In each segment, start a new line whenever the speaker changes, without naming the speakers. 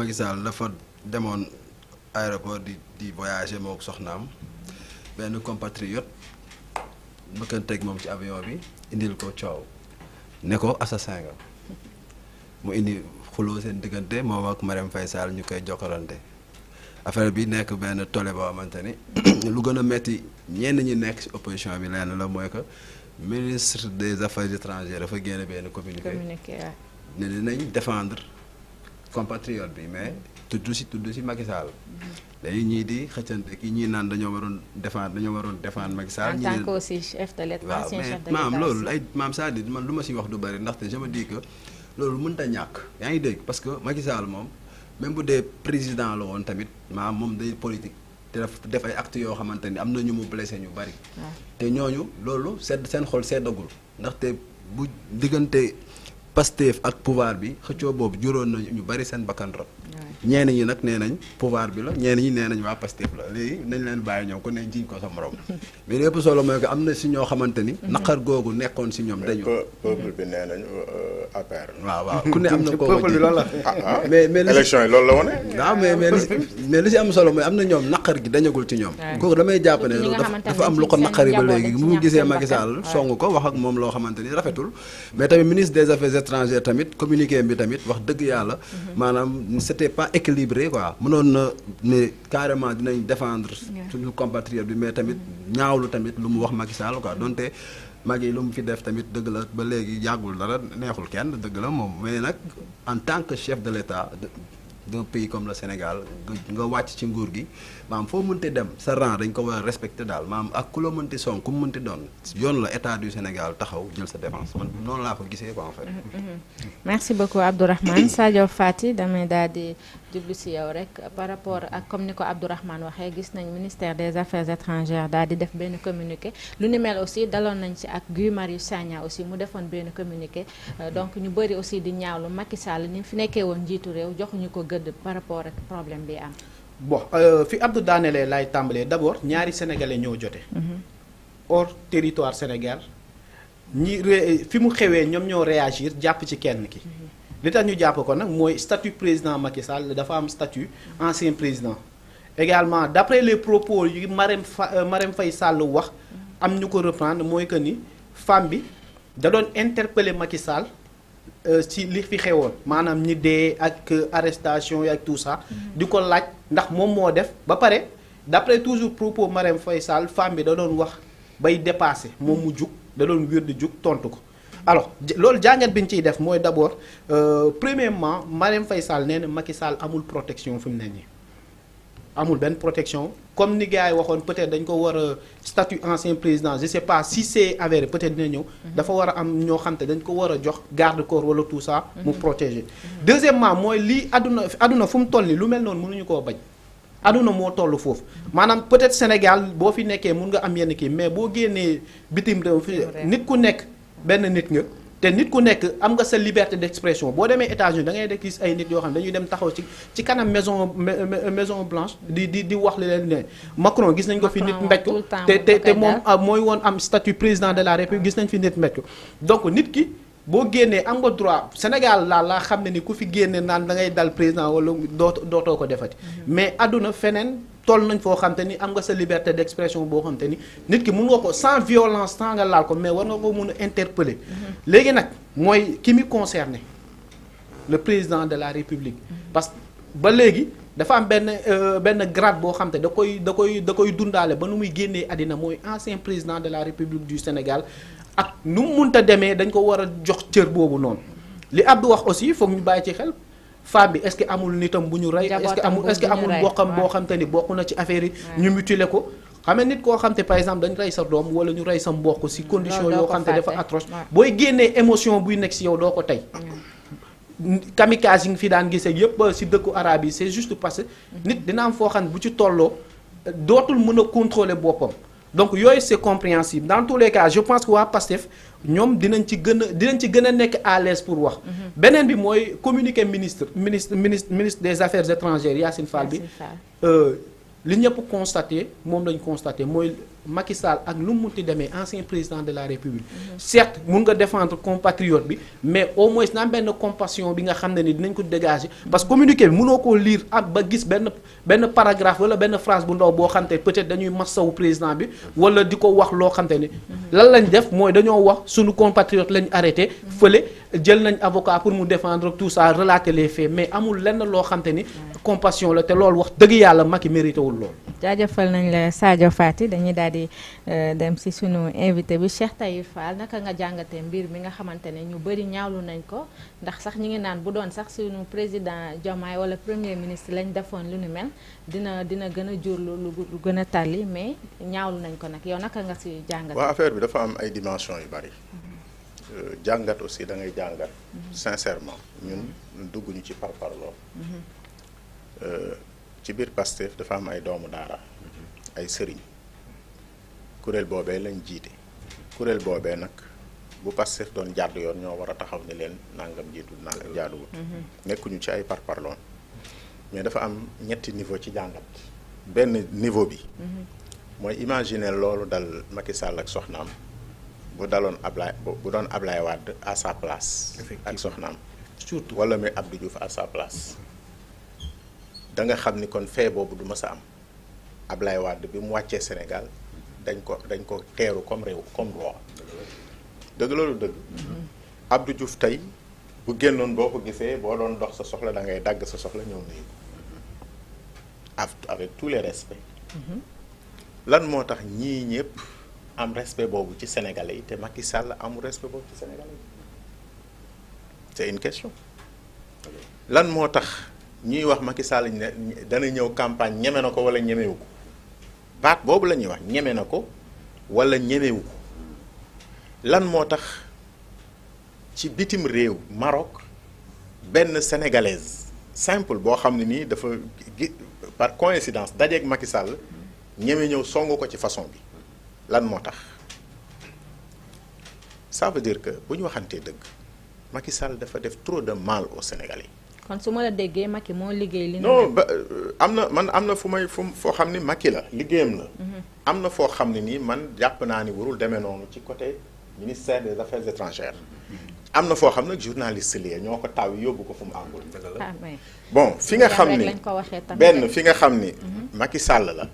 Macky Sall dafa demoon aéroport di di voyager mook soxnaam benn compatriote bëkkanteeg moom ci avion bi indil ko coow ne ko assassin nga mu indi xuloo seen diggante moom ak Marème Faye Sall ñu koy jokkalante affaire bi nekk benn tole boo xamante ni lu gën a metti ñenn ñi nekk ci opposition bi lenn la mooy que ministre des affaires étrangères dafa génne benn communiqué ne dinañ défendre compatriote bi mais tudd si tudd si Macky Sall léegi ñii di xëccante ki ñii naan dañoo waroon défendre dañoo waroon défendre Macky Sall. en tant que
aussi chef de l'État ancien chef de maam loolu ay
maam cest à man lu ma si wax du bëri ndaxte je loolu mënut a ñàkk yaa ngi dégg parce que moom même dee président la woon tamit maam moom day politique. te def ay actes yoo xamante ni am na ñu mu blessé ñu bari. te ñooñu loolu sedd seen xol seddagul ndaxte bu diggante Pastef ak pouvoir bi xëccoo boobu juróon nañu ñu bari seen bakkan rot ñeen ñi nag nee nañ bi la ñeen ñi nee waa Pastef la léegi nañ leen bàyyi ñoom ku ne jiñ ko sa morom mais lépp solo mooy que am na si ñoo xamante mhm. si ñoom dañu
peuple bi nee nañ euh, ne na koo ah, ah. mais mais élection yi la wane waaw mais mais
mais li si am solo mooy am na ñoom naqar gi dañagul ci ñoom kooku damay jàpp ne dafa am lu ko naqari ba léegi mu gisee Macky song ko wax ak moom loo xamante ni rafetul mais tamit ministre des affaires étranger tamit communiqué bi tamit wax dëgg yàlla. Mhm. maanaam c'était pas équilibré quoi mënoon na ne carrément dinañ défendre. suñu compatriote bi mais tamit ñaawlu tamit lu mu wax Macky Sall quoi mhm. donte. mag yi lu mu fi def tamit dëgg la ba léegi yàggul dara neexul kenn dëgg la moom mais nag en tant que chef de l'État d'un pays comme le Sénégal nga wàcc ci nguur gi maam foo mënti dem sa rang dañ ko war a respecté daal maam ak ku la mënti song ku mu mënti doon yoon la état du Sénégal taxaw jël sa dépense man noonu laa ko gisee quoi en mm-hmm,
mm-hmm. merci beaucoup Abdourahmane Sadio Fati damay daal di jublu si yow par rapport ak comme ni ko Abdourahmane waxee gis nañ ministère des affaires étrangères daal def benn communiqué lu ni mel aussi daloon nañ si ak Guy Marius Sagna aussi tëdd par rapport ak problème bi am.
Euh, fi Abdou daanelee laay tàmbalee d' abord ñaari sénégalais ñoo jote. Mm-hmm. hors territoire Sénégal ñi fi mu xewee ñoom ñoo réagir jàpp ci kenn ki. Mm-hmm. li tax ñu jàpp ko nag mooy statut président Macky Sall dafa am statut ancien président également d' après les propos yu Marème Fa euh, Marème Faye Sall wax am ñu ko reprendre mooy que ni femme bi da doon interpeller Macky si euh, li fi xewoon maanaam ñi dee ak arrestation yi ak tout ça. Mhm. di ko laaj ndax moom moo def ba pare d'après toujours propos Marème fay Sall femme bi da doon wax bay dépassé moom mu jug da doon wér di jug tontu ko. alors loolu jàngat bi ñu ciy def mooy d'abord euh, premièrement Marème Faye Sall nee na Macky Sall amul protection fi mu ne nii. amul benn protection comme ni gars yi waxoon peut-être dañ ko war a statut ancien président je sais pas si c'est avéré peut-être dina ñëw mhm. dafa war a am ñoo xam te dañ ko war a jox garde corps wala tout ça mhm. mu protéger mhm. deuxièmement mooy lii àdduna àdduna fu mu toll ni lu mel noonu mënuñu koo bañ àdduna moo toll foofu maanaam peut-être Sénégal boo fi nekkee mun nga am yenn kii mais boo génnee bitim réew fi nit ku nekk benn nit nga te nit ku nekk am nga sa liberté d'expression boo demee États-Unis da ngay de gis ay nit yoo xam ne dañuy dem taxaw ci ci kanam maison maison Blanche di di di wax li leen ne Macron gis nañ ko fi nit mbéj ko te te te moom ah, mooy woon am statut président de la République gis nañ fi nit mbéj ko donc nit ki boo génnee am nga droit Sénégal laa laa xam ne ni ku fi génne naan da ngay dal président wala dootoo dootoo ko defati mm-hmm. mais àdduna feneen toll nañ foo xam ni am nga sa liberté d'expression boo xam ni nit ki mun nga ko sans violence sans nga laal ko mais war nga ko mun a interpeller mhm. léegi nag mooy ki mu concerné le président de la république mhm. parce que ba léegi dafa am benn euh, benn grade boo xam da koy da koy da koy dundaale ba nu muy génnee àddina mooy ancien président de la république du Sénégal ak nu mu munta demee dañ ko war a jox cër boobu noonu li Abdou wax aussi foog ñu bàyyi ci xel femme bi est-ce que amul nitam bu ñu rey est amul est amul bokkam boo xam te ni bokk na ci affaire yi ñu mutilé ko xam ne nit koo xam te par exemple dañ rey sa doom wala ñu rey sa mbokk si mm. condition yoo xam te dafa atroce booy génnee émotion buy nekk si yow doo ko tey mm. kamikaze yi nga fi daan gisee yëpp si dëkku arabe yi c'est juste parce que mm. nit dina am foo xam ne bu ci tolloo dootul mën a contrôler boppam donc yooyu c'est compréhensible dans tous les cas je pense que waa ñoom dinañ ci gën a dinañ ci gën a nekk à l'aise pour wax. Mhm. beneen bi mooy communiqué ministre ministre ministre ministre des affaires étrangères Yacine Fall bi. Euh, li ñëpp constaté moom lañ constaté mooy Macky ak lu mu ti demee ancien président de la république. certes mun nga défendre compatriote bi mais au moins na benn compassion bi nga xam ne ni dinañ ko dégager. parce que communiqué bi munoo koo liir ak ba gis benn benn paragraphe wala benn phrase bu ndaw boo xam peut-être dañuy massawu président bi wala di ko wax loo xam ne. lan lañ def mooy dañoo wax sunu compatriote lañ arrêté fële. jël nañ avocat pour mu defendre tout ça relater les faits mais amul lenn loo xam te ni compassion la te loolu wax dëgg yàlla Macky mérité wul loolu.
jaajëfal nañ la Sadio Fati dañuy daal di euh, dem si sunu invité bi Cheikh Taïb Fall naka nga jàngatee mbir mi nga xamante ne ñu bëri ñaawlu nañ ko ndax sax ñi ngi naan bu doon sax sunu président Diomaye wala premier ministre lañ defoon lu ni mel dina dina gën a jur lu lu gën a tàlli mais ñaawlu nañ ko nag yow naka nga si jàngatee. waaw affaire
bi dafa am ay dimensions Euh, jàngat aussi da ngay jàngat. sincèrement ñun dugguñu ci par euh, ci biir Pastef dafa am ay doomu daara. ay sëriñ kuréel boobee lañ jiite. kuréel boobee nag bu Pastef doon jàdd yoon ñoo war a taxaw ni leen nangam jiitu nangam jaaduwut. nekkuñu ci ay par parloon mais dafa am ñetti niveau ci jàngat. benn niveau bi. Mhm. mooy imaginer loolu dal Macky Sall ak soxnaam. bu daloon Ablaye bu doon Ablaye Wade à sa place. ak soxnaam. surtout walla muy Abdou Diouf à sa place. da nga xam ni kon fee boobu du mës a am Ablaye Wade bi mu wàccee Sénégal dañ ko dañ ko teeru comme réew comme roi. dëgg loolu dëgg.
Mm-hmm.
du juuf tey bu génnoon boo ko gisee boo doon dox sa soxla dangay ngay dagg sa soxla ñëw nuyu ko mm-hmm. avec tous les respects. Mm-hmm. lan moo tax ñii ñëpp. am respect boobu ci sénégalais yi te Macky Sall amul respect boobu ci sénégalais yi c'est une question lan moo tax ñuy wax Macky Sall ne dana ñëw campagne ñeme na ko wala ñemewu ko baat boobu la ñuy wax ñeme na ko wala ñemewu ko lan moo tax ci bitim réew marok benn sénégalaise simple boo xam ne nii dafa par coïncidence dajeeg Macky Sall ñeme ñëw song ko ci façon bi lan moo tax ça veut dire que bu ñu waxantee dëgg Macky Sall dafa def trop de mal aux Sénégalais.
kon su ma la déggee Macky moo liggéey li. non
euh, am na man am na fu may fu foo xam ni Macky la liggéeyam la. Mhm. am na foo xam ne nii man jàpp naa ni warul demee noonu ci côté ministère des affaires étrangères. Mhm. am na foo xam ne journaliste lii ñoo ko taw yóbbu ko fu mu àggul. Ah, bon fi nga xam ni benn fi nga xam ni. Mhm. Macky Sall la.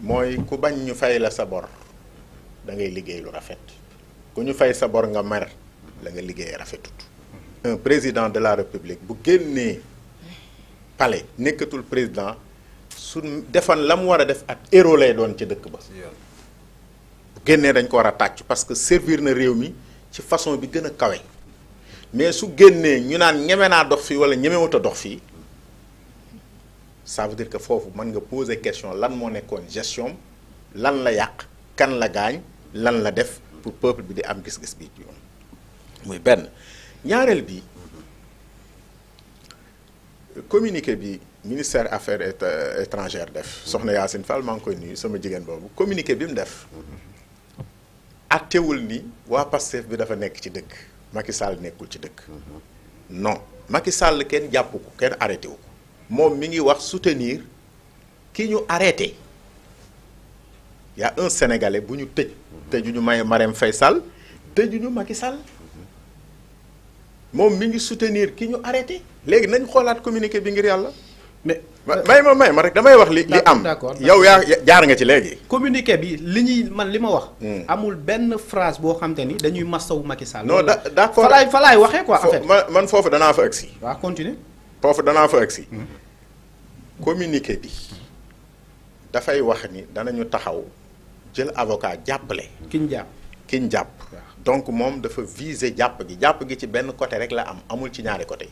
mooy ku bañ ñu fay la sa bor da ngay liggéey lu rafet ku ñu fay sa bor nga mer la nga liggéeyee rafetut un président de la république bu génnee pale nekkatul président su defan la mu war a def ak héros lay doon ci dëkk ba bu génnee dañ ko war a tàcc parce que servir na réew mi ci façon bi gën a kawe mais su génnee ñu naan ñeme naa dox fii wala ñemewut a dox fii ça veut dire que foofu man nga poser question lan moo nekkoon gestion lan la yàq kan la gaañ lan la def pour peuple bi di am gis-gis bi ci yoon muy benn ñaareel bi communiqué bi ministère affaires euh, étrangères def soxna Yacine Fall maa ngi koy nuyu sama jigéen boobu communiqué bi mu def artewul ni waa Pastef bi dafa nekk ci dëkk Macky Sall nekkul ci dëkk non Macky Sall kenn jàppu ko kenn arrêté wu ko moom mi ngi wax soutenir ki ñu arrêté y a un sénégalais bu ñu tëj tëjuñu may Marème Faye Sall tëjuñu Macky Sall moom mi ngi soutenir ki ñu arrêté léegi nañ xoolaat communiqué bi ngir yàlla mais may ma may ma rek damay wax li li am yow yaa jaar nga ci léegi communiqué
bi li ñuy man li ma wax hmm. amul benn phrase boo xam ni dañuy masawu Macky Sall non d'accord fa laay fa falaay waxee ko en fait
man foofu danaa fa agsi waaw continue foofu danaa fa agsi communiqué bi dafay wax ni danañu taxaw jël avocat jàppale. kiñ jàpp kiñ jàpp. donc moom dafa viser jàpp gi jàpp gi ci benn côté rek la am amul ci ñaari côté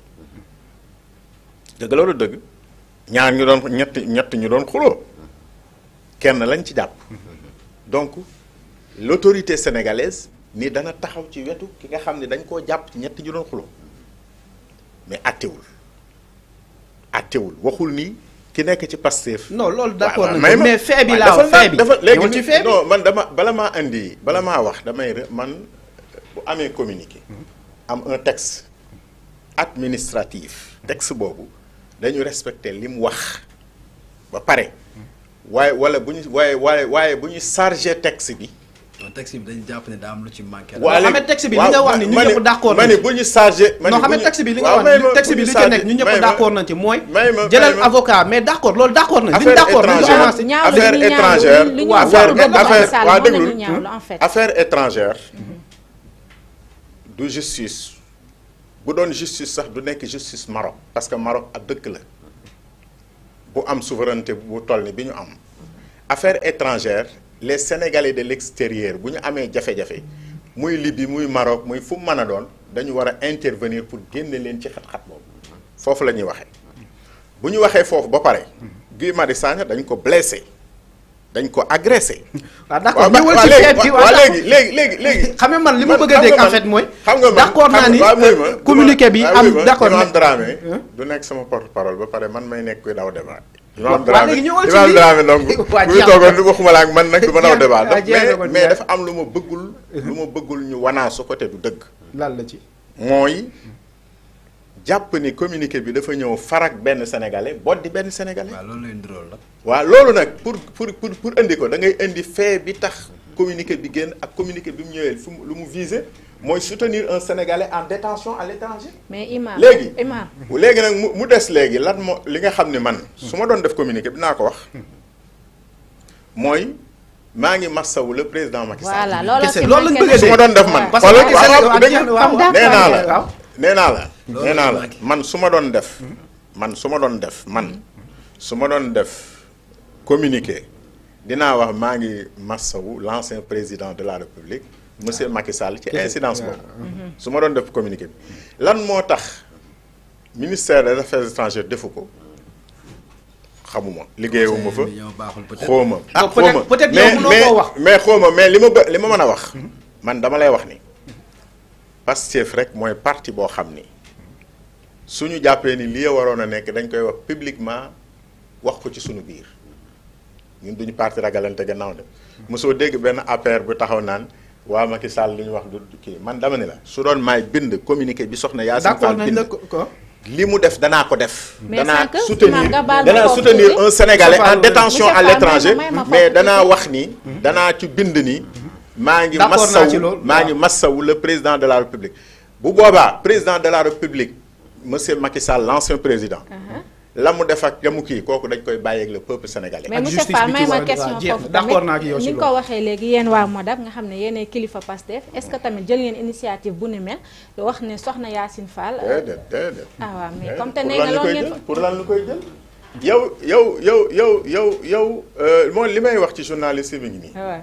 dëgg loolu dëgg ñaar ñu doon ñett ñu doon xuloo kenn lañ ci jàpp donc l'autorité sénégalaise ni dana taxaw ci wetu ki nga xam ne dañ koo jàpp ci ñett ñu doon xuloo mais attewul attewul waxul ni ki nekk ci Pastef. non loolu d'accord nañu mais fee bi laa wax fee bi dafa léegi non man dama bala maa indi bala maa wax damay man bu amee communiqué. am un texte administratif. texte boobu dañu respecter li mu wax ba pare. waaye wala bu ñu waaye waaye waaye bu ñu chargé texte bi. texte bi dañu jàpp ne daa am lu ci manqué. waaw xam ne texte bi li nga wax ni ñu ñëpp d'accord nañ ci. mooy.
jëlal avocat mais d'accord loolu d'accord nañ. li ñu d'accord nañ ko avancé
affaire étrangère affaire waaw déglu affaire
étrangère du justice bu doon justice sax du nekk justice Maroc parce que Maroc ab dëkk la bu am souveraineté bu toll ni bi ñu am affaire étrangère les sénégalais de l'extérieur bu ñu amee jafe-jafe muy Libye muy Maroc muy fu mën a doon dañu war a intervenir pour génne leen ci xat-xat boobu foofu la ñuy waxee bu ñu waxee foofu ba pare Guy Marius Sagna dañ ko blessé dañ ko agressé. Ah, waaw d'accord ñëwal ci xeet gi léegi léegi léegi léegi. xam nga man li ma bëgg a dégg en fait mooy. xam nga
man d'accord naa ni communiqué bi ah, am d'accord. am drame
du nekk sama porte parole ba pare man may nekk kuy daw débat. imam Dramé imam Dramé donc bu ñu toogoon waxumala ak man nag du ma naw débat mais mais dafa am lu ma bëggul lu ma bëggul ñu wanaasu ko te du dëgg lan la ci mooy jàpp ni communiqué bi dafa ñëw farak benn sénégalais boddi benn sénégalais waaw loolu lay la waaw loolu nag pour pour pour pour indi ko da ngay indi fee bi tax communiqué bi génn ak communiqué bi mu ñëwee fu lu mu visé mooy soutenir un sénégalais en détention à l'étranger
mais imam léegi imam
léegi nag mu mu des léegi lan moo li nga xam ne man. su ma doon def communiqué bi naa ko wax. mooy maa ngi massawu le président Macky Sall. voilà loolu lañ bëgg su doon def man. parce que nee naa la nee naa la. nee naa la man su ma doon def. man su ma doon def man su ma doon def communiqué dinaa wax maa ngi massawu l'ancien président de la république. monsieur Macky Sall ci incidence boobu. Mm-hmm. Mm-hmm. su ma doon def communiqué bi. lan moo tax ministère des affaires étrangères defu ko xamuma liggéeyuma fa. xooma ah xooma peut-être mais mais xooma mais li ma bë li ma mën a wax. Mm-hmm. man dama lay wax ni. Pastef rek mooy parti boo xam ni suñu jàppee ni lii waroon a nekk dañ koy wax publiquement wax ko ci suñu biir ñun duñu parti ragalante gannaaw de mosoo dégg benn affaire bu taxaw naan. waa Macky Sall lu ñu wax du kii man dama ne la su doon maay bind communiqué bi soxna yaa d'accord nañ la ko li mu def danaa ko def danaa soutenir danaa soutenir un sénégalais en détention à l'étranger mais danaa wax ni danaa ci bind ni maa ngi massawu maa ngi massawu le président de la république bu boobaa président de la république monsieur Macky Sall l'ancien président uh-huh. la mu def ak la mu kii kooku dañ koy bàyyi ak le peuple sénégalais. mais monsieur Fall may ma question foofu tamit ni nga ko
waxee léegi yéen waa Modab nga xam ne yéenay kilifa Pastef est-ce que tamit jël ngeen initiative bu ni mel wax ne soxna Yacine Fall. Euh, déedéet
déedéet. ah waaw mais comme te nee nga loolu ngeen pour lan lu koy jël yow yow yow yow yow yow euh, mooy li may wax ci journaliste bi ngi nii. Ah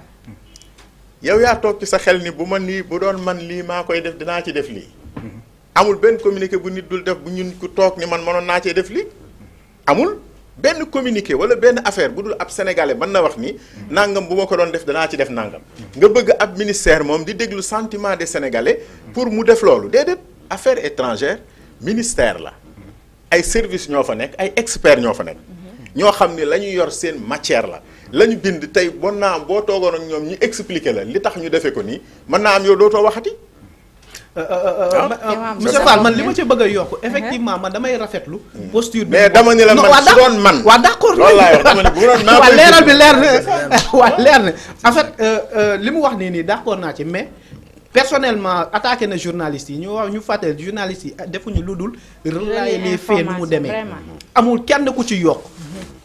yow yaa toog ci sa xel ni bu ma nii bu doon man lii maa koy def dinaa ci def lii. amul benn communiqué bu nit dul def bu ñun ku toog ni man mënoon naa cee def lii. amul benn communiqué wala benn affaire bu dul ab sénégalais mën na wax ni nangam bu ma ko doon def danaa ci def nangam nga bëgg ab ministère moom di déglu sentiment de sénégalais pour mu def loolu déedéet affaires étrangères ministère la ay service ñoo fa nekk ay experts ñoo fa nekk ñoo xam ne la ñu yor seen matière la la ñu bind tey bon naa am boo toogoon ak ñoom ñu expliquer la li tax ñu defee ko nii mën naa am yow dootoo waxati Euh, euh,
euh, ah. monsieur Fall man li ma
ca bëgg a yokk uh-huh. effectivement man damay rafetlu hmm. posture bi mais dama ni la man waa doon man waaw d'accord waaw leeral bi leer na waaw leer na en fait li mu wax nii nii d'accord naa ci mais personnellement attaqué na journaliste yi ñu wax ñu fàttali journaliste yi ah, defuñu lu dul relayer les faits nu mu demee amul kenn ku ci yokk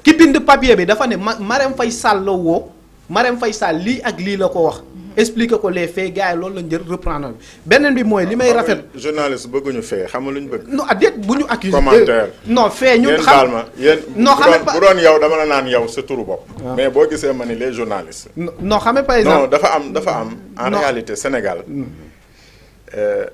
ki bind papier bi dafa ne ma Marème Faye Sall la woo Marème Faye Sall lii ak lii la ko wax expliquer ko les faits gars yi loolu lañ jël reprendre beneen bi mooy li may ah, rafet.
journaliste bëgguñu fee xam nga luñ bëgg. non ah, déet bu ñu accusé. commentaire euh, non fee ñun. xam yéen non xam bu doon yow dama la naan yow sa turu bopp. Ah. mais boo gisee ma ni les journalistes.
non xam par exemple
dafa am dafa am. en réalité Sénégal. Hmm. Euh,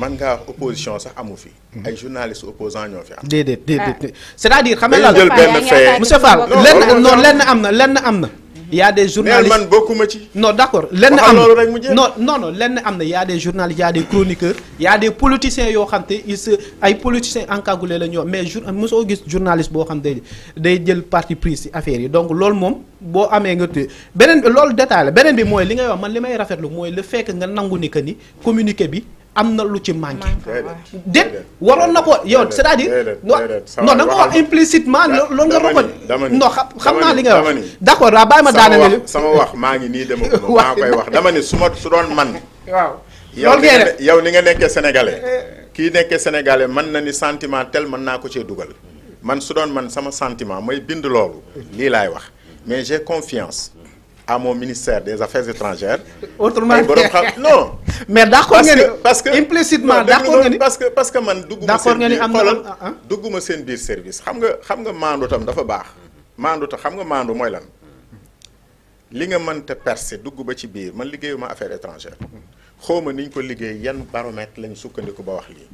man ngaa wax opposition sax amu fi. Hmm. ay journalistes opposants ñoo fi am. déedéet déedéet c'est-à-dire xam nga lan. dañuy jël benn fee monsieur lenn am
na lenn am na. yaa a des journalistes man bokkuma ci. non d' accord lenn am non non non lenn am na y a des journalistes y a des chroniqueurs y a des politiciens yoo xam te ils se ay politiciens encagoulés la ñu mais jour mosoo gis journaliste boo xam day day jël parti pris ci affaire yi donc loolu moom boo amee nga tëj beneen loolu détail la beneen bi mooy li nga wax man li may rafetlu mooy le fekk que nga nangu ni que ni communiqué bi. am na lu ci manqué. déet waroon na ko yow c'est-à-dire. non da nga wax implicitement loolu nga reconnaître. non xam naa li nga wax d'accord daa bàyyi ma daaneel. sama wax
maa ngi nii dama ko maa koy wax dama ni su ma su doon man. waaw loolu ngay yow ni nga nekkee sénégalais. Eh, eh. kii nekkee sénégalais man na ni sentiment tel mën naa ko cee dugal. man su doon man sama sentiment may bind loolu. lii laay wax mais j'ai confiance. à ministère des affaires étrangères. autrement non. mais d'accord ngeen ni parce que implicitement d'accord ngeen ni parce que parce que man. d'accord ngeen ni ah, ah. dugguma seen biir service xam nga xam nga maandu tam dafa baax. maandu ta xam nga maandu mooy lan li nga man te percer dugg ba ci biir man liggéeyuma affaire étrangère xawma niñ ko liggéey yan baromètre lañ sukkandiku ba wax lii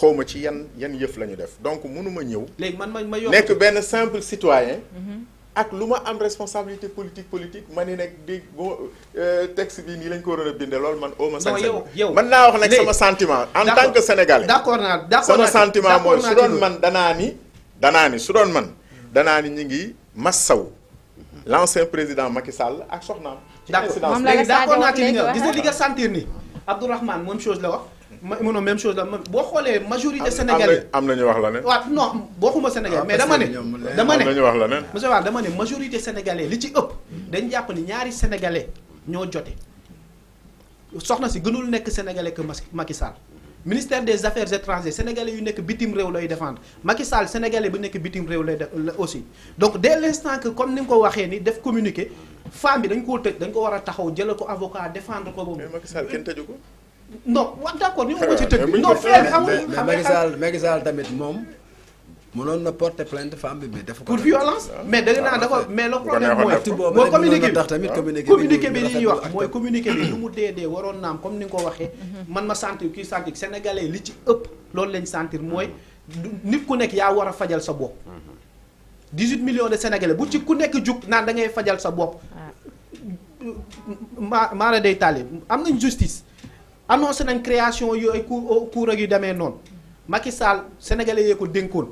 xawma ci yan yan yëf la ñu def donc mënuma ñëw. léegi man ma ma yokk nekk benn simple citoyen. Mhm. ak lu ma am responsabilité politique politique ma ne nag di boo euh, texte bii nii lañ ko waroon a bindee loolu man. oo ma sañ yow man naa wax nag sama sentiment. en tant que sénégalais. d'accord naa d'accord naa sama sentiment mooy su doon man danaa ni. danaa ni su man danaa ni ñu ngi massaw l'ancien président Macky Sall ak soxnaam. ci incidence d'accord moom la la gis nga li
nga sentir ni Abdourahmane moom chose la wax. ma mënoo même chose la boo xoolee majorité sénégalais
am na nañu wax la ne
waaw non bokkuma sénégalais ah, mais dama ne dama ne wax la ne monsieur Wade dama ne majorité sénégalais li ci ëpp dañ jàpp ni ñaari sénégalais ñoo jote soxna si gënul nekk sénégalais que Macky Sall ministère des affaires étrangères sénégalais yu nekk bitim réew lay défendre Macky Sall sénégalais bu nekk bitim réew lay def aussi donc dès l' instant comme ni nga ko waxee ni def communiqué femme bi dañ koo tëj dañ ko war a taxaw jëlal ko avocat défendre ko boobu mais Macky Sall kenn ko ndox waaw d'accord ñu ngi ci tëj bi
non fee na porter plainte femme bi mais dafa ko. pour
violence ah. mais da nga naan dafa ah, mais le problème mooy. mooy communiqué bi
tamit communiqué
bi li ñuy wax mooy communiqué bi lu mu dee dee waroon naam comme ni nga ko waxee. Mhm. man ma sentir kii sentir sénégalais li ci ëpp loolu lañ sentir mooy nit ku nekk yaa war a fajal sa bopp. 18 mhm. millions de sénégalais bu ci ku nekk jug naan da ngay fajal sa bopp. Ah. ma maa la day am nañ justice. annoncé nañ création yooyu cour euh, cour ak yu demee noonu Macky Sall sénégalais yee ko dénkoon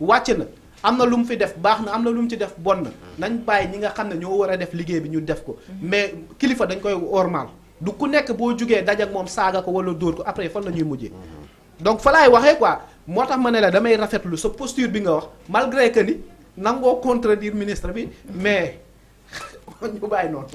wàcc na am na lu mu fi def baax na am na lu mu ci def bon na nañ bàyyi ñi nga xam ne ñoo war a def liggéey bi ñu def ko mm-hmm. mais kilifa dañ koy ormal du ku nekk boo jugee dajak moom saaga ko wala dóor ko après fan la ñuy mujjee mm-hmm. donc fa laay waxee ko moo tax ma ne la damay rafetlu sa posture bi nga wax malgré que ni nangoo contredire ministre bi mais ñu bàyyi noonu.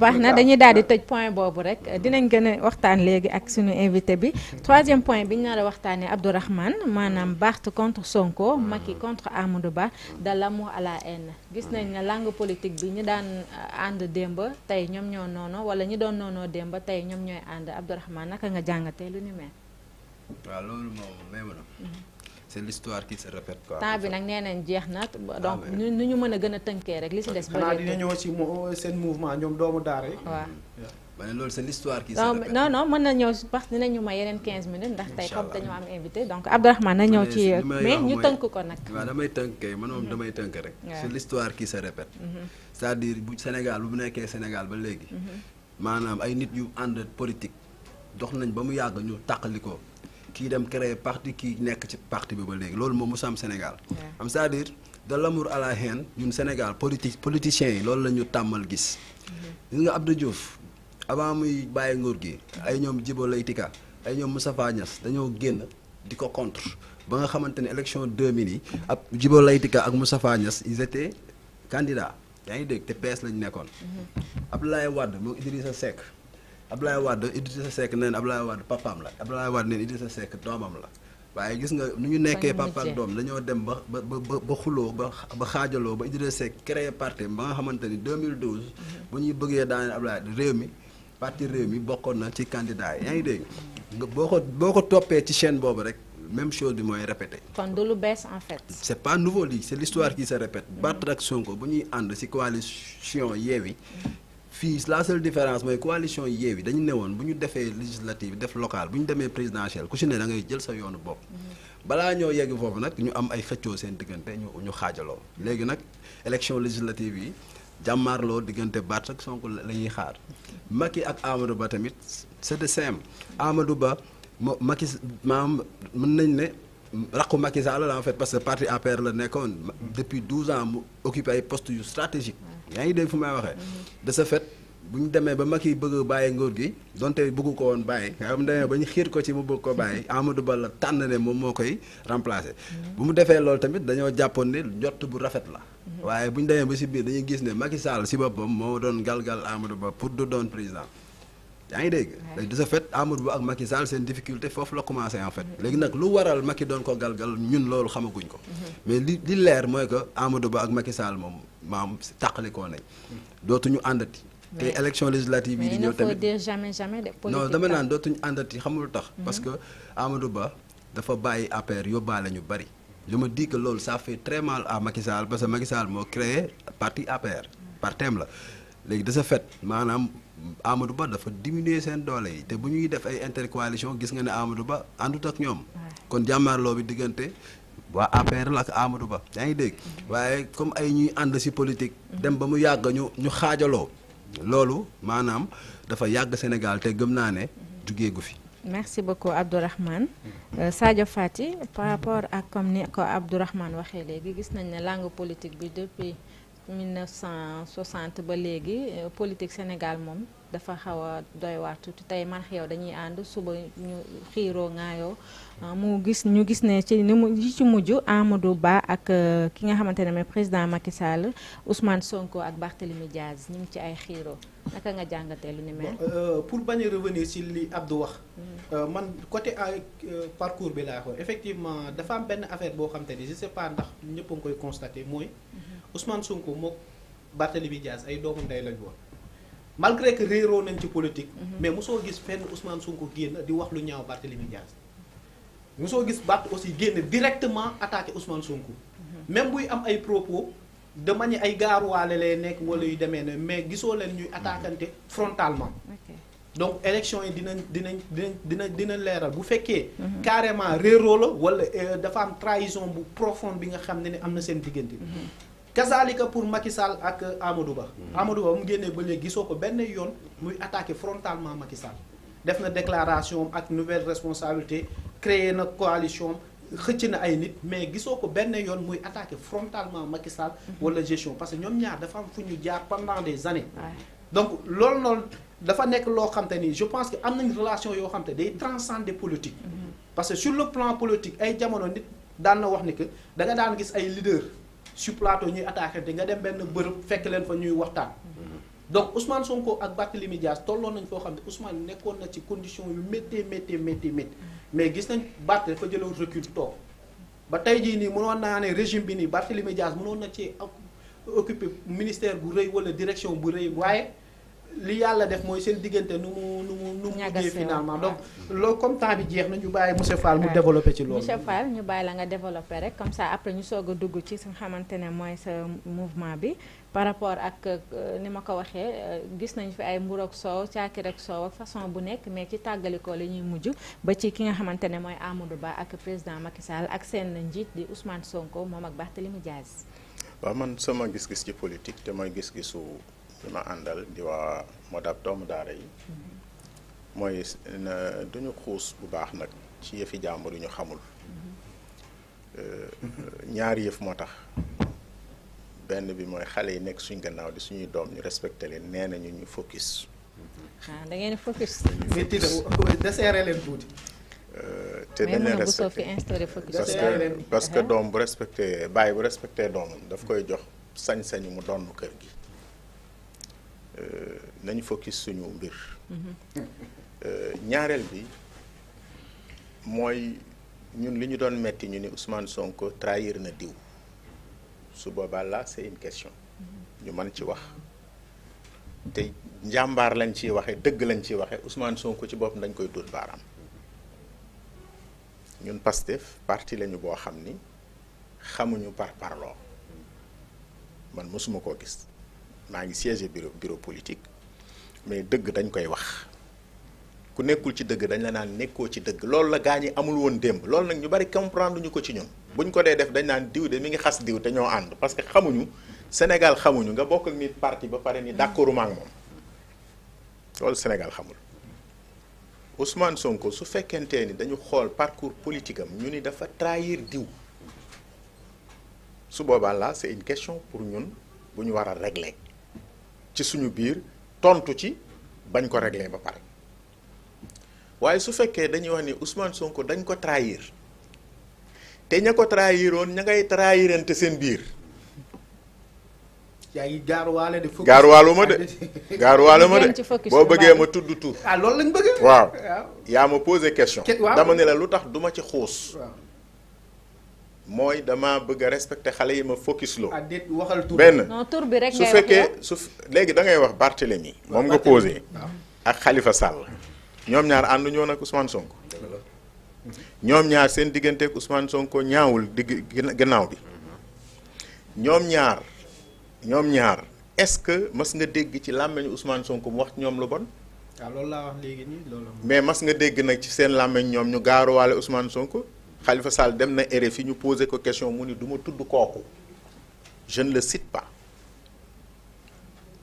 baax na dañuy daal di tëj point boobu rek dinañ gën a waxtaan léegi ak suñu invité bi. troisième point bi ñu nar a waxtaanee Abdourahmane maanaam baaxtu contre Sonko Macky contre Amadou Ba de l'amour à la haine gis nañ ne langue politique bi ñu daan euh, ànd démb tey ñoom ñoo noonu wala ñi doon noonoo démb tey ñoom ñooy ànd Abdourahmane naka nga jàngatee lu ñu mel.
c'est l'histoire qui se répète temps bi
nag nee nañ jeex na ah donc ñu nu ñu mën a gën a tënkee rek li
ma ne mm. loolu c'est l'histoire qui se répète.
non tënk
ko man moom damay tënk rek. c'est l'histoire qui se répète. Mm-hmm. cest à bu Sénégal bu nekkee Sénégal ba léegi. Mm-hmm. maanaam ay nit yu ànd politique dox nañ ba mu yàgg ñu tàqali ko kii dem créer parti kii nekk ci parti bi ba léegi loolu moom mos am Sénégal. am c'est-à-dire de l'amour à la haine ñun Sénégal politique yi loolu lañu ñu tàmmal gis.
Mm-hmm.
gis nga Abdou Diouf avant muy bàyyi nguur gi ay ñoom Djibo Leyti ay ñoom Moustapha Niasse dañoo génn di ko contre ba nga xamante ne élection 2000 yi ab Djibo Leyti Ka ak Moustapha Niasse ils étaient candidats yaa ngi dégg te PS lañu nekkoon. Mm-hmm. Abdoulaye Wade moom Idrissa Seck. Ablaye Wade Idrissa Seck nee na Ablaye Wade papaam la Ablaye Wade nee na Idrissa Seck doomam la waaye gis nga nu ñu nekkee papa ak doom dañoo dem ba ba ba ba xuloo ba ba xaajaloo ba Idrissa Seck créé parti ba nga xamante ni 2012. Mhm. bu ñuy bëggee daaneel Ablaye réew mi parti réew mi bokkoon na ci candidat yi yaa ngi dégg. nga boo ko boo ko toppee ci chaîne boobu rek. même chose bi mooy répété.
kon du lu bees en fait.
c' est pas nouveau lii c' est l'histoire mhm. qui se répète. Mhm. Barth ak Sonko bu ñuy fii la seule différence mooy coalition Yewwi dañu ne woon bu ñu defee législative def locale bu ñu demee présidentielle ku si ne da jël sa yoonu bopp. Mm-hmm. balaa ñoo yegg foofu nag ñu am ay xëccoo seen diggante ñu ñu xaajaloo léegi nag élection législative yi jàmmaarloo diggante Barth ak Sonko xaar. Mm-hmm. Macky ak Amadou Ba tamit c'est de simple Amadou Ba moo Macky maam nañ ne. raqu Macky Sall la en fait parce que parti APR la nekkoon depuis 12 ans mu occupé ay postes yu stratégique yaa ngi dégg fu may waxee de ce fait bu demee ba Macky bëgg bàyyi nguur gi donte bëggu ko woon bàyyi nga demee ba ñu xiir ko ci mu bëgg ko bàyyi Amadou Ba la tànn ne moom moo koy remplacer mm-hmm. bu mu defee loolu tamit dañoo jàppoon ne njott bu rafet la mm-hmm. waaye bu demee ba si biir dañuy gis ne Macky Sall boppam moo doon galgal Amadou Ba pour du doon président yaa ngi dégg léegi de ce fait Amadou Ba foofu la commencé en fait léegi nag lu waral Macky doon ko galgal ñun loolu ko mhm. mais li li leer mooy que Amadou Ba ak Macky Sall moom maam tàqalikoo nañ mhm. dootuñu àndati te élection législative yi di ñëw tamit
jamais jamais non dama naan
dootuñu àndati xamul tax mhm. parce que Amadou Ba dafa bàyyi APR yóbbaale ñu bari lu ma dis loolu sa fait très mal à Macky Sall parce que Macky saal moo créé parti APR par thème la léegi de ce fait maanaam Amadou Ba dafa diminuer seen doole yi te bu ñuy def ay intercoalition gis nga ne Amadou Ba àndut ak ñoom. kon jàmmaarloo bi diggante waa APR la ak Amadou Ba yaa ngi dégg. Mm-hmm. waaye comme ay ñuy ànd ci politique. Mm-hmm. dem ba mu yàgg ñu ñu xaajaloo. loolu maanaam dafa yàgg Sénégal te gëm naa ne mm-hmm. jugee gu fi.
merci beaucoup Abdourahmane euh, Sadio Fati par rapport ak comme ni ko Abdourahmane waxee cent 1960 ba léegi euh, politique Sénégal moom dafa xaw a doy waar tuuti tey man yow dañuy ànd suba ñu xiiroo ŋaayoo euh, mu gis ñu gis ne ci ni mu ci mujj Amadou Ba ak euh, ki nga xamante ne mooy président Macky Sall Ousmane Sonko ak Barthélémy Diaz ñu ngi ci ay xiiro naka nga jàngatee lu ni mel.
pour bañ a revenir si li Abdou wax. Mm. man côté ay parcours bi laa ko effectivement dafa am benn affaire boo xam te ne je pas ndax ñëpp koy constaté mooy. Mm-hmm. Ousmane Sonko mook Barthélemy Diaz ay doomu ndey lañ woon malgré que réeroo nañ ci politique. Mhm. mais soo gis fenn Ousmane Sonko génn di wax lu ñaaw Barthélemy Diaz. soo gis Barth aussi génn directement attaqué Ousmane Sonko.
Mhm.
même buy am ay propos de ni ay gaaruwaale lay nekk wala yu demee ne mais gisoo leen ñuy attaquante frontalement. donc élection yi dina dinañ dinañ dina dina leeral bu fekkee. Mhm. carrément réeroo la wala euh, dafa am trahison bu profonde bi nga xam ne ne am na seen diggante. kasaalika pour Macky ak Amadou Ba. Amadou Ba mu génnee ba léegi gisoo ko benn yoon muy attaqué frontalement Macky Sall def na déclaration ak nouvelle responsabilité créé na coalition xëcc na ay nit mais gisoo ko benn yoon muy attaqué frontalement Macky Sall wala gestion parce que ñoom ñaar dafa am fu ñu jaar pendant des années. donc loolu noonu dafa nekk loo xam te ni je pense que am nañ relation yoo xam te day transcender politique. Mm-hmm. parce que sur le plan politique ay jamono nit daan na wax ni que da nga daan gis ay leaders. su plateau ñuy attaqué di nga dem benn bërëb fekk leen fa ñuy waxtaan. donc Ousmane Sonko ak Barthélémy Dias tolloon nañ foo xam ne Ousmane nekkoon na ci condition yu méttee méttee méttee méttee mais gis nañ Barth dafa jëloon recul toog ba tey jii nii mënoon naa ne régime bi nii Barthélémy Dias mënoon na ci occuper ministère bu rëy wala direction bu rëy waaye. li yàlla def mooy seen diggante nu mu nu
mu nu mu mujjee finalement donc
loolu comme temps bi jeex na ñu bàyyi monsieur Fall mu développé ci loolu monsieur Fall
ñu bàyyi la nga développé rek comme ça après ñu soog a dugg ci suñu xamante ne mooy sa mouvement bi par rapport ak euh, ni ma ko waxee euh, gis nañ fi ay mburu ak soow caaki rek soow ak façon bu nekk mais ci tàggalikoo la ñuy mujj ba ci ki nga xamante ne mooy Amadou Ba ak président Macky Sall ak seen njiit di Ousmane Sonko moom ak Barthélémy Diaz
waaw man sama gis-gis ci politique te mooy gis-gisu bi ma àndal di waa Modab doomu daara yi mm-hmm. mooy duñu xuus bu baax nag ci yëfi jàmbur yu ñu xamul
mm-hmm.
euh, ñaari yëf moo tax benn bi mooy xale yi nekk suñ gannaaw di suñuy doom ñu respecté leen nee nañu ñu focus.
Mm-hmm. ah da
euh, te na leen respecté parce que parce que uh-huh. doom bu respecté bàyyi bu respecté doomam daf koy jox sañ-sañu mu donn kër gi. Euh, nañu focus suñu mbir mm-hmm. euh, ñaareel bi mooy ñun li ñu doon metti ñu ni Ousmane Sonko trahir na diw su boobaa la c'est une question mm-hmm. ñu mën ci wax te njàmbaar lañ ciy waxe dëgg lañ ciy waxe Ousmane Sonko ci boppam dañ koy dut baaraam ñun Pastef parti lañu boo xam ni xamuñu par parloo man mosuma koo gis maa ngi siège biro biro politique mais dëgg dañ koy wax ku nekkul ci dëgg dañ la naan nekkoo ci dëgg loolu la gaa ñi amul woon démb loolu nag ñu bari comprendre ñu ko ci ñun. buñ ko dee def dañ naan diw de mi ngi xas diw te ñoo ànd parce que xamuñu Sénégal xamuñu nga bokk ak nit parti ba pare ni d'accorduma ak moom loolu Sénégal xamul Ousmane Sonko su fekkentee ni dañu xool parcours politique am ñu ni dafa trahir diw su boobaa la c'est une question pour ñun bu ñu war a régler. ci suñu biir tontu ci bañ ko régler ba pare waaye su fekkee dañuy wax ni Ousmane Sonko dañ ko trahir te ña ko trahiroon ña ngay trahirante seen biir.
yaa ngi gaaruwaale de. gaaruwaalu ma de
gaaruwaalu ma de boo bëggee ma tudd tur. Ah, lañ waaw yaa ma posé question. dama ne la lu tax duma ci xuus. mooy dama bëgg a respecté xale yi ma focus loo. Ah, waxal tur benn
tur bi rek su fekkee
su léegi da ngay wax Barthélemy moom nga posé. ak xalifa sàll ñoom ñaar ànduñoo nag Ousmane Sonko. ñoom ñaar seen digganteeg Ousmane Sonko ñaawul digg gannaaw bi. ñoom ñaar ñoom ñaar est-ce que mas nga dégg ci làmmeñu Ousmane Sonko mu wax ñoom lu bon.
waaw ah, loolu laa wax léegi
mais mas nga dégg nag ci seen làmmeñ ñoom ñu gaaruwaale Ousmane Sonko. xalifa Sall dem na fi ñu posé ko question mu ni du ma tudd kooku jeune le cite pas.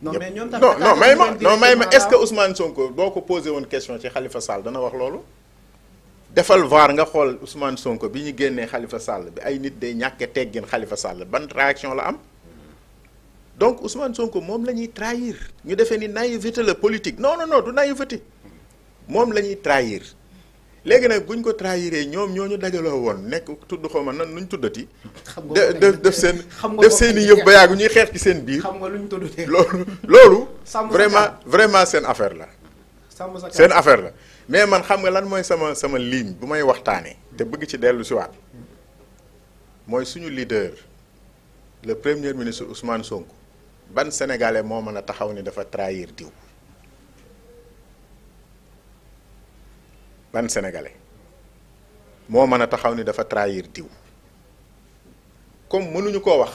non mais may ma non may ma est-ce que Ousmane Sonko boo ko posé woon question ci Khalifa Sall dana wax loolu.
defal vaar
nga xool Ousmane Sonko bi ñu génnee xalifa Sall bi ay nit day ñàkk a xalifa Khalifa Sall ban réaction la am donc Ousmane Sonko moom la ñuy trahir ñu defee ni naïveté la politique non non non du naïveté moom la ñuy trahir. léegi nag buñ ko trahiré ñoom ñoo ñu dajaloo woon nekk tudd xaw ma nan nuñ tuddati. xam nga def def seen def seen i yëf ba yàgg ñuy xeex ci seen biir. xam nga luñ tuddati loolu. loolu vraiment vraiment seen affaire la. seen affaire la mais man xam nga lan mooy sama sama ligne bu may waxtaanee. te bëgg ci dellu si waat mooy suñu leader le premier ministre Ousmane Sonko ban sénégalais moo mën a taxaw ni dafa trahir diw. ban sénégalais moo mën a taxaw ni dafa trahir diw comme mënuñu koo wax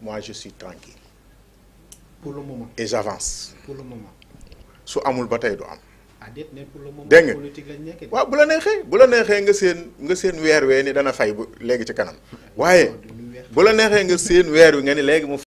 moi je suis tranquille pour le moment et j'avance pour su amul ba tey du am
ah, dégg nga
waaw bu la neexee bu la neexee nga seen nga seen weer wee ni dana fay bu léegi ci kanam waaye bu la neexee nga seen weer wi nga ni léegi mu